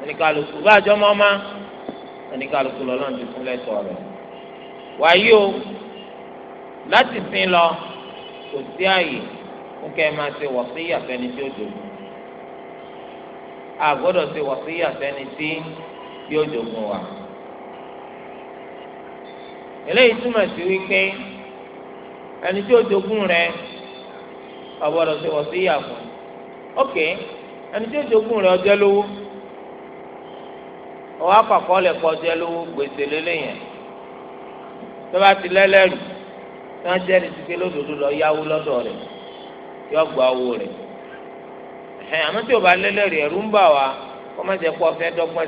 Speaker 1: oníkàlùkù ìbáàjẹ́ ọmọ ọmọ oníkàlùkù lọ́lọ́run tuntun lẹ́tọ̀ọ́ rẹ̀ wàyí o láti sin lọ kò sí àyè fún kẹ́ ẹ máa ṣe wọ̀síyà fẹ́ni tí ó jogún a gbọ́dọ̀ ṣe wọ̀síyà fẹ́ni tí yóò jogún wa. eléyìí túmọ̀ sí wípé ẹni tí ó jogún rẹ a gbọ́dọ̀ ṣe wọ̀síyà fún ok ẹni tí ó jogún rẹ ọjọ́ lówó ọwọ́ àpapọ̀ lẹ̀ pọ̀ ọjọ́ lówó gbèsè lélẹ́yìn tó bá ti lẹ́lẹ́rìí tí wọ́n jẹ́rìí sí pé lódodo lọ yáwó lọ́dọ̀ rẹ̀ yọ gba owó rẹ̀ ẹ̀hẹ́n àmọ́ tí o bá lẹ́lẹ́rìí ẹ̀rú ń bà wá kó má jẹ́ pọ́ fẹ́ dọ́gbọ́n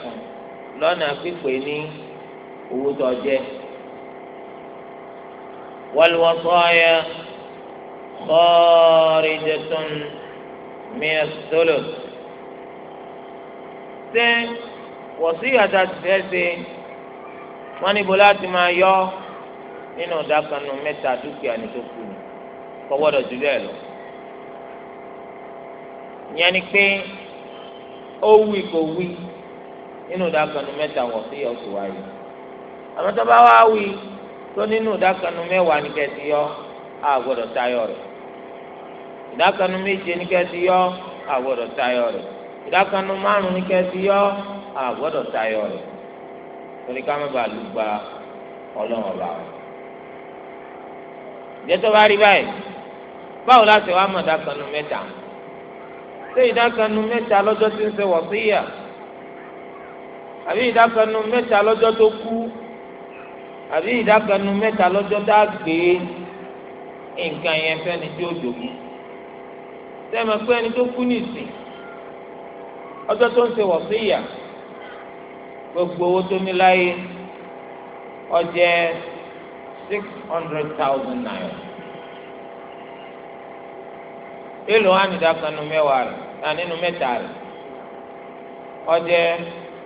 Speaker 1: fún lọ́nà pípé ní owó tó jẹ́ wàlúwọ̀sọ́yẹ kọ́ọ̀rìndẹ̀tún mìíràn ṣé wọ̀síyà tá a ti fẹ́ ṣe wọ́n níbo láti máa yọ nínú ìdákanu mẹ́ta dúkìá ni tó kù ní kọ́wọ́dọ̀ jù bẹ́ẹ̀ lọ. ìyẹn ni pé ó wí kò wí nínú ìdákanu mẹ́ta wọ̀ sí ọ̀sùn wáyé àmọ́ tó bá wá wí tó nínú ìdákanu mẹ́wàá ní kẹ́sì yọ á gbọ́dọ̀ tayọ rẹ̀ ìdákanu méje ní kẹ́sì yọ á gbọ́dọ̀ tayọ rẹ̀ ìdákanu márùn ní kẹ́sì yọ á gbọ́dọ̀ tayọ rẹ̀ torí ká má bàa lù gba ọlọ́run ọba rẹ̀ ìjẹ́tọ́ bá rí báyìí báwo láti wá mọ̀ dákanu mẹ́ta ṣé ìdákanu mẹ́ta lọ́jọ́ tí ń ṣe wọ̀síyà àbí ìdákanu mẹ́ta lọ́jọ́ tó kú àbí ìdákanu mẹ́ta lọ́jọ́ tá a gbé nǹkan yẹn fẹ́ni tí ó dòkú sẹ́mi pé ẹni tó kú nìsín ọjọ́ tó ń ṣe wọ̀síyà gbogbo owó tó ní láyé ọjẹ́ six hundred thousand naira èlò ànìdàkan nu mẹ́wàá rẹ̀ àní nu mẹ́ta rẹ̀ ọjẹ́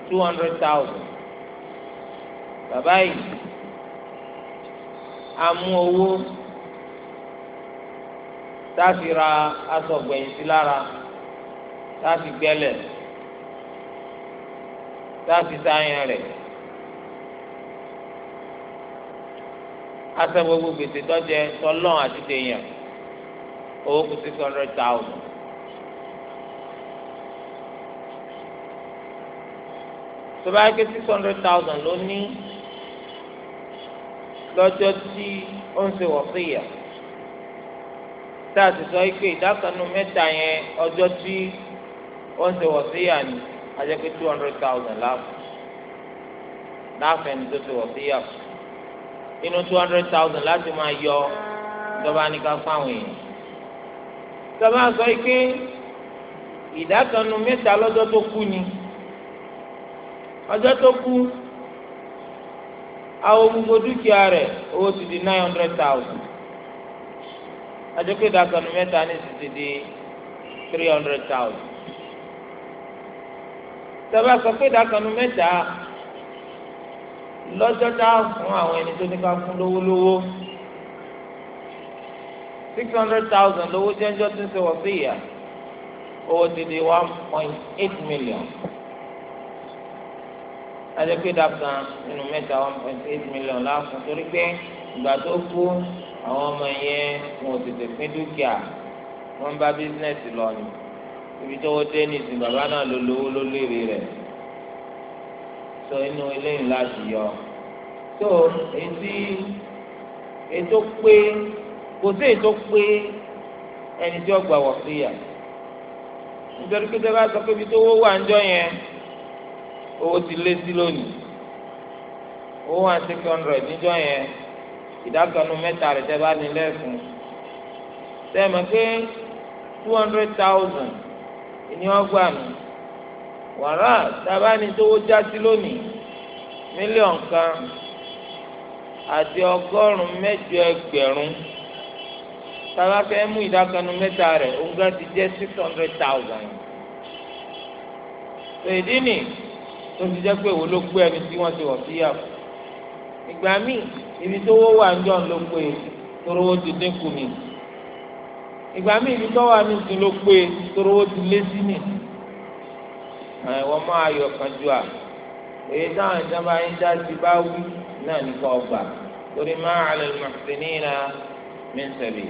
Speaker 1: two hundred thousand bàbá yìí amú owó táàsì ra aṣọ gbẹ̀yìntì lára táàsì gbẹ́lẹ̀ táàsì sáyẹn rẹ̀. asẹ́ gbogbo gbèsè tọ́jẹ tọ́lọ́n àti tèèyàn owó kù six hundred thousand. tó bá yẹ kí six hundred thousand ló ní lọ́jọ́ tí ó ń ṣe wọ̀síyà tá a ti sọ pé ìdákanu mẹ́ta yẹn ọjọ́ tí ó ń ṣe wọ̀síyà ni a jẹ́ pé two hundred thousand láàfin láàfin ni tó ṣe wọ̀síyà fún inú two hundred thousand láti máa yọ ìjọba ní ká fáwọn èèyàn. ìjọba sọ pé ìdá kan nu mẹ́ta lọ́jọ́ tó kú ni ọjọ́ tó kú àwọn gbogbo dúkìá rẹ̀ owó ti di nine hundred thousand adékòdà kan nu mẹ́ta ní ti ti di three hundred thousand. ìjọba sọ pé ìdá kan nu mẹ́ta lọ́jọ́ tá a fún àwọn ẹni tó ní ká fún lówó lówó six hundred thousand lówó jẹ́jọ́ tó ń ṣe wọ́n sí ìyá owó ti di one point eight million adékèdà kan nínú mẹ́ta one point eight million láàfún torí pé ìgbà tó kú àwọn ọmọ yẹn wọn ò tètè pín dúkìá wọn bá bísínẹ́sì lọ ni ibi tó wọ́n dé nìsín bàbá náà ló lówó ló rẹ̀ sọ inú eléyìí láti yọ tó etí ètò pé kò sí ètò pé ẹni tí ó gbà wọ̀ sí yà nítorí pé tẹ́lá sọ pé ibi tó wó wà ń jọ yẹn owó ti lé sí lónìí owó one six hundred níjọ yẹn ìdákanu mẹ́ta rẹ̀ tẹ́ ní lẹ́ẹ̀kún tẹ́ pé two hundred thousand ìní ọgbà mi wàrà tabani tówó jásí lónìí mílíọ̀nù kan àti ọgọ́rùn-ún mẹ́jọ ẹgbẹ̀rún tàbá fẹ́ mú ìdákanu mẹ́ta rẹ̀ ogá ti jẹ́ six hundred thousand. èdè ni tó ti jẹ́ pé èwo ló gbé ẹni tí wọ́n ti wọ̀ sí yàgò. ìgbà míì ibi tó wó wà ń jọ̀ ló pé torówó ti dínkù mi. ìgbà míì ibi tó wà ní ìsìn ló pé torówó ti lé sí mi wọ́n máa yọ kanjú à èyí táwọn ìjọba yín dá sí bá wí náà nípa ọgbà torí máa àlẹ́ mọ̀síní na mẹ́sẹ̀lì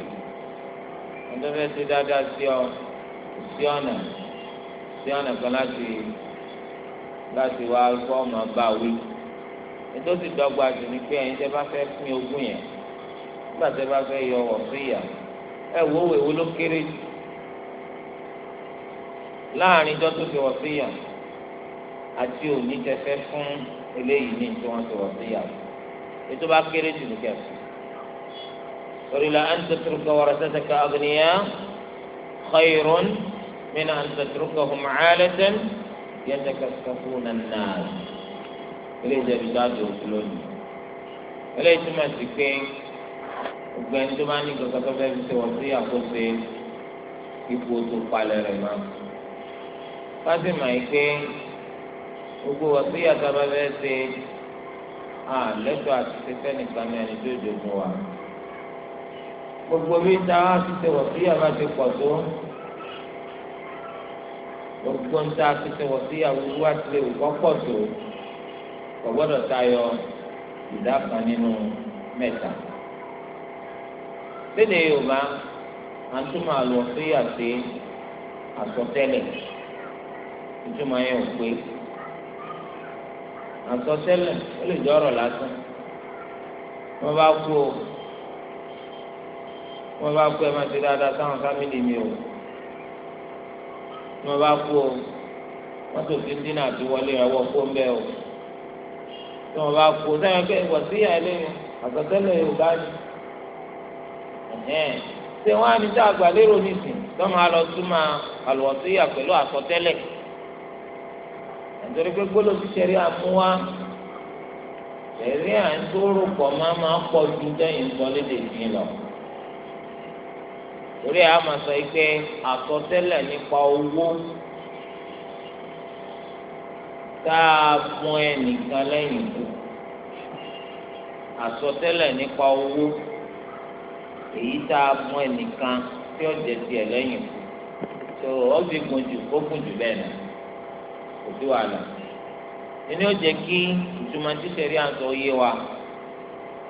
Speaker 1: ọ̀dọ́fẹ́ ti dáadáa sí ọ sí ọ̀nà sí ọ̀nà kan láti láti wá fọ́ọ̀mù ọba wí ètò ti dọ́gba jù pé ẹ̀yin tẹ́ bá fẹ́ pín ogún yẹn nígbà tẹ́ bá fẹ́ yọ wọ̀ sí ìyá ẹ̀ wọ́wọ́ èwo ló kéré jù. láàrin ìjọ tó fi wọ̀síyà àti òní tẹfẹ́ fún eléyìí ní tí wọ́n fi wọ̀síyà ètò bá kéré jù ní kẹfì. torí la kọ sẹsẹ ká an tatruka warasataka aghniya khayrun min an tatrukahum 'alatan yatakaffafuna an-nas. eléyìí jẹ̀bi dáàbò òkú lónìí. eléyìí túmọ̀ sí pé gbogbo bá ní gbọ̀ngàn tó fẹ́ fi ṣe wọ̀síyà kó ṣe ipò tó palẹ̀ rẹ̀ máa. wọ́n sì mọ̀ pé gbogbo ọ̀sẹ̀ yàtọ̀ bá fẹ́ ṣe àlẹ́tọ̀ àti ṣẹṣẹ́ nìkan ní ẹni tó dogun wa. gbogbo bí táwa ti ṣe wọ̀sí yàrá ti pọ̀ tó gbogbo ń tá a ti ṣe wọ̀sí yàrá wíwá ti lè wọ́ pọ̀ tó kò gbọ́dọ̀ tayọ ìdá kan nínú mẹ́ta. lédè Yorùbá à ń túmọ̀ àlọ́ sí àti àsọtẹ́lẹ̀ ìtumọ̀ yẹn ò pé àsọtẹ́lẹ̀ ó lè jẹ́ ọ̀rọ̀ lásán wọ́n bá kú o wọ́n bá kú ẹ máa ṣe dáadáa sáwọn fámìlì mi o wọ́n bá kú o wọ́n tó fi dínà àti wọlé ọwọ́ kó ń bẹ́ o tí wọ́n bá kú o sáyẹn pé wọ́n sí àìlè àsọtẹ́lẹ̀ yorùbá ni ṣé wọ́n á ní tá àgbà lérò nísìnyí tó máa lọ túmọ̀ àlùwọ̀síyà pẹ̀lú àsọtẹ́lẹ̀ torí pé gbọ́dọ̀ ti ṣẹ̀rí àmúwá ṣẹ̀rí à ń tó rò pọ̀ máa máa pọ̀ ju dẹ́yìn sọ léde sí lọ. torí a máa sọ pé àsọtẹ́lẹ̀ nípa owó tá a fún ẹnìkan lẹ́yìn tó àsọtẹ́lẹ̀ nípa owó èyí tá a fún ẹnìkan tí ó tiẹ̀ lẹ́yìn tó ó fi gùn jù ó gùn jù bẹ́ẹ̀ náà. kò sí wàhálà ẹni ó jẹ́ kí ìtumọ̀ títẹ̀ rí àǹsọ̀ yé wa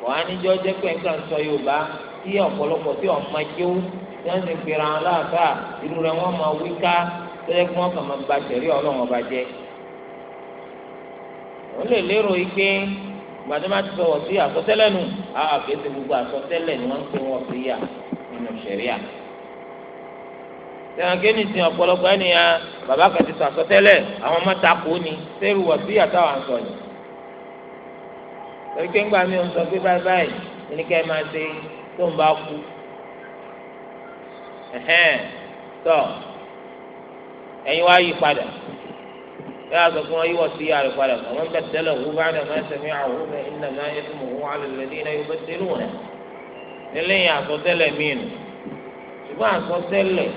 Speaker 1: wọ́n á níjọ́ jẹ́ pé nǹkan sọ Yorùbá tí ọ̀pọ̀lọpọ̀ tí wọ́n máa jó tí wọ́n sì ń pera wọn irú rẹ̀ wọ́n máa wí ká tẹ́lẹ̀ kí wọ́n kàn máa jẹ́ wọ́n lè lérò yìí pé gbàdé má ti sí àsọtẹ́lẹ̀ nù gbogbo àsọtẹ́lẹ̀ ni wọ́n ń pè wọ́n sí yà nínú tẹ̀wọ̀n kí ni sin ọ̀pọ̀lọpọ̀ ẹnìyàn bàbá kan ti sọ àsọtẹ́lẹ̀ àwọn ọmọ ta kò ní sẹ́rù wọ̀ sí àtàwọn àǹsọ ni. torí pé ńgbà mi ò ń sọ pé báyìí báyìí ẹni ká ẹ máa ṣe tó ń bá kú. tọ́ ẹ̀yin wá yí padà yóò wá sọ fún wọn yí wọ̀ sí àrè padà fún wọn bẹ̀ tẹ́lẹ̀ wú bá dà máa ṣẹ̀mí àwọn ọmọ iná máa yẹ fún wọn alẹ́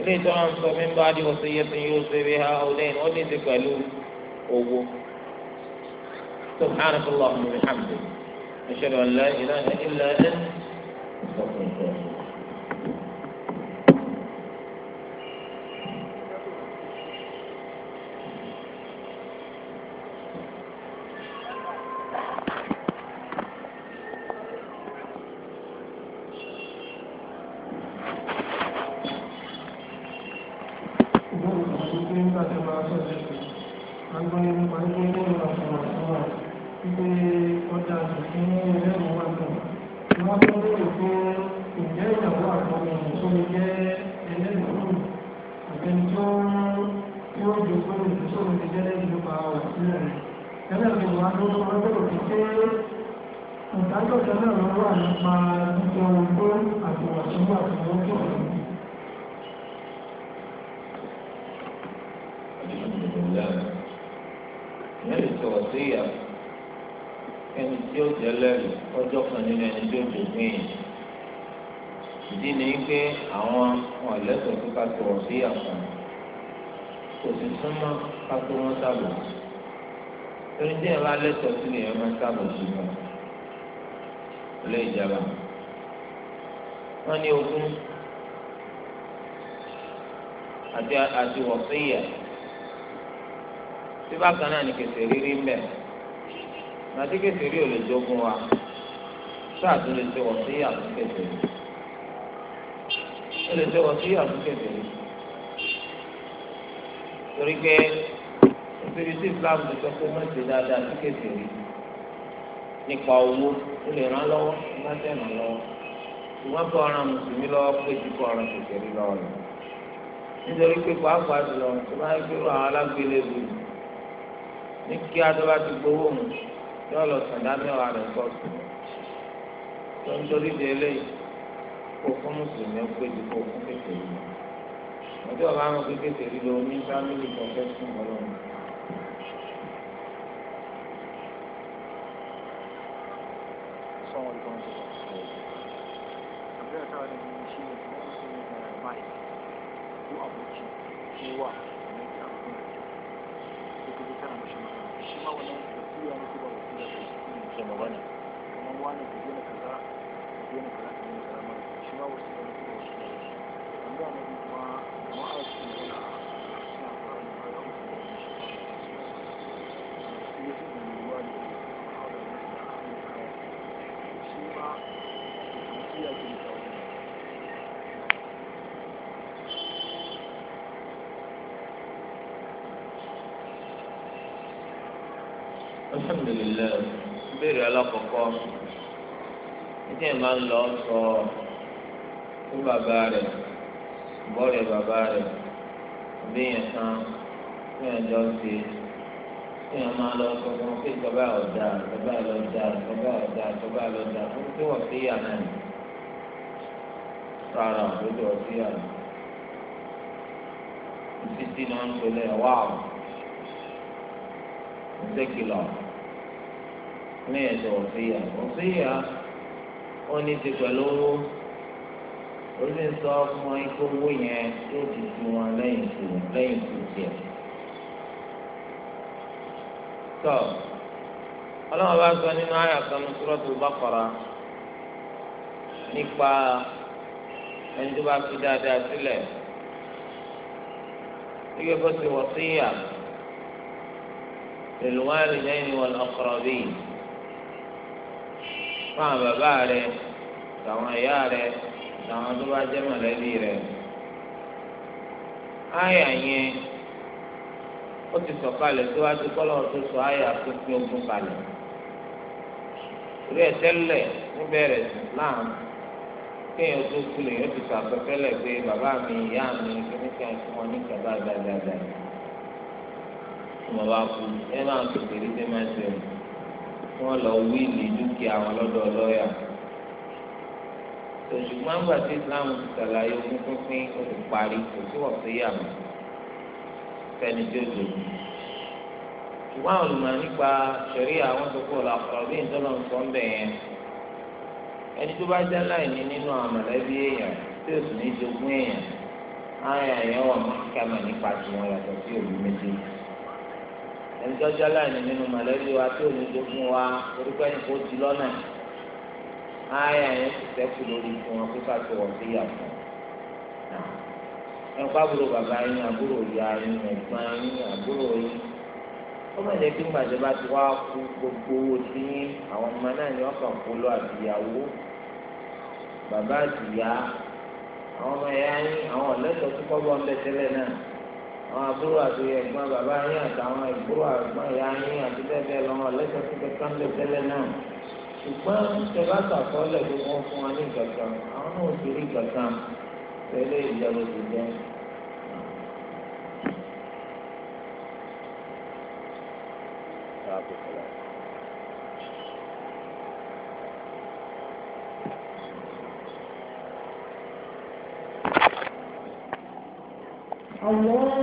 Speaker 1: ilé ìtọ́ náà ń sọ mí bá di ọ̀sẹ̀ yẹ tó yóò ṣe bí ha ọ̀lẹ́ ìnáwó ní ti pẹ̀lú owó tó hàn fún lọ́ọ̀mù mi hàn mí. torí tí yẹn bá lẹ́tọ̀ọ́ sí ni yẹn máa sábà sí wọn ilé ìjọba wọn ní ogún àti àti wọ̀síyà tí bákan náà ní kẹsẹ̀ rírí mbẹ́ màtí kẹsẹ̀ rí ò lè jogún wa sáà tó lè ṣe wọ̀síyà tó kẹsẹ̀ rí ó lè ṣe wọ̀síyà tó kẹsẹ̀ rí torí pé síbi tí islam ti sọ pé mọ̀tì dáadáa sí kékeré nípa owó ó lè ràn lọ́wọ́ bá tẹ̀ ràn lọ́wọ́ ṣùgbọ́n kọ́ ọ̀ràn mùsùlùmí lọ́wọ́ pé ti kọ́ ọ̀ràn kékeré lọ́wọ́ rẹ̀ nítorí pé pàápàá jùlọ tó bá gbérò àwọn alágbélé lu ní kí adọ́ba ti gbowó mu yóò lọ sàn dámẹ́wàá rẹ̀ sọ́ọ̀tù tó ń torí de eléyìí kó fún mùsùlùmí ó pé ti kó fún kékeré lọ ọjọ́ bá wọn pé kékeré lọ ní fámìlì kan fún ọlọ́run. shi ne su ne mahaifi ko aboki ko wa mai ta abu kuna ka zo kana mashi magana shi ma wannan ne ko ba wasiya ba shi ne magana kamar wani ka daina kaza ka daina kaza ka daina kaza mara shi ma wasiya alhamdulilayi ìbéèrè alákọ̀ọ́kọ́ ẹjẹ máa ń lọ sọ fún bàbá rẹ̀ bọ́ọ̀rẹ̀ bàbá rẹ̀ ìbéèyàn kan fún ẹjọ́ ṣe fún ẹ máa lọ sọ fún pé ìjọba ọ̀dà ìjọba ọ̀dà ìjọba ọ̀dà ìjọba ọ̀dà fún tí wọ́n fi yà náà rárá òdodo ọtí yà náà títí náà ń tolẹ̀ wáò ń tẹ́kìlọ̀. lẹ́yìn tó ọ̀síyà ọ̀síyà wọn ní ti pẹ̀lú owó ó sì sọ fún wọn kó owó yẹn tó ti fi wọn lẹ́yìn tó lẹ́yìn tó tiẹ̀. tọ́ ọlọ́run bá sọ nínú àyà kan tó bá kọ́ra nípa ẹni tó bá fi dáadáa sílẹ̀ gẹ́gẹ́ bó ti wọ̀síyà lil walidayni wal aqrabin. fáwọn bàbá rẹ tàwọn ìyá rẹ tàwọn tó bá jẹ́ mọ̀lẹ́bí rẹ. àyà yẹn ó ti sọ̀kalẹ̀ síwájú kọ́lọ́ tó sọ àyà tó fi ogun kalẹ̀ orí ẹ̀ tẹ́lẹ̀ níbẹ̀rẹ̀ Islam kéèyàn tó kú lè yóò ti sọ àsọtẹ́lẹ̀ pé bàbá mi ìyá mi kíníkà fún wọn ní kàbá dáadáa tí mo bá kú ẹ máa tó kéré tẹ máa ṣe o wọ́n lọ wíìlì dúkìá wọn lọ́dọ̀ lọ́ọ̀yà ṣùgbọ́n àgbà tí Islam ti ṣàlàyé ogún pínpín ó ti parí kò sí wọ̀sí yàmù fẹ́ni tí ó dòdò ṣùgbọ́n àwọn olùmọ̀ nípa ṣẹ̀rí àwọn tó kọ̀ làkọ̀ọ́ bí ìtọ́lọ̀ ń sọ ń bẹ̀ yẹn ẹni tó bá jẹ́ láìní nínú àwọn mọ̀lẹ́bí èèyàn tí ó sì ní jogún èèyàn á yà yẹn wọ̀ mọ́ kíkà mọ̀ nípa tiwọn yàtọ̀ sí òbí méjèèjì ẹnjọ́jọ́ láìní nínú mọ̀lẹ́bí wa tí òun jogún wa orúkọ ẹni kò di lọ́nà ayé àyẹ̀ ti sẹ́kù lórí fún wọn pípa tó wọ̀ sí ìyàwó ẹnìkan àbúrò bàbá yín àbúrò ìyá yín ẹ̀gbọ́n yín àbúrò yín ọmọdé bí gbàdé bá ti wá kú gbogbo owó sí yín àwọn ọmọ náà ni wọ́n kàn kó lọ àbíyàwó bàbá àtìyá àwọn ọmọ ẹ̀yà yín àwọn ọ̀lẹ́sọ̀ọ́ tó kọ́ bọ́ ń àwọn àbúrò àti ẹ̀gbọ́n bàbá yín àtàwọn àbúrò àgbọn ìyá yín àti bẹ́ẹ̀ lọ́wọ́ lẹ́sẹ̀ pípẹ́ kan lè tẹ́lẹ̀ náà ṣùgbọ́n tẹ̀lá sàkọọ́lẹ̀ tó wọ́n fún wa ní ìgbàgbọ́ àwọn náà ti rí ìgbàgbọ́ tẹ́lẹ̀ ìjọba ti Allah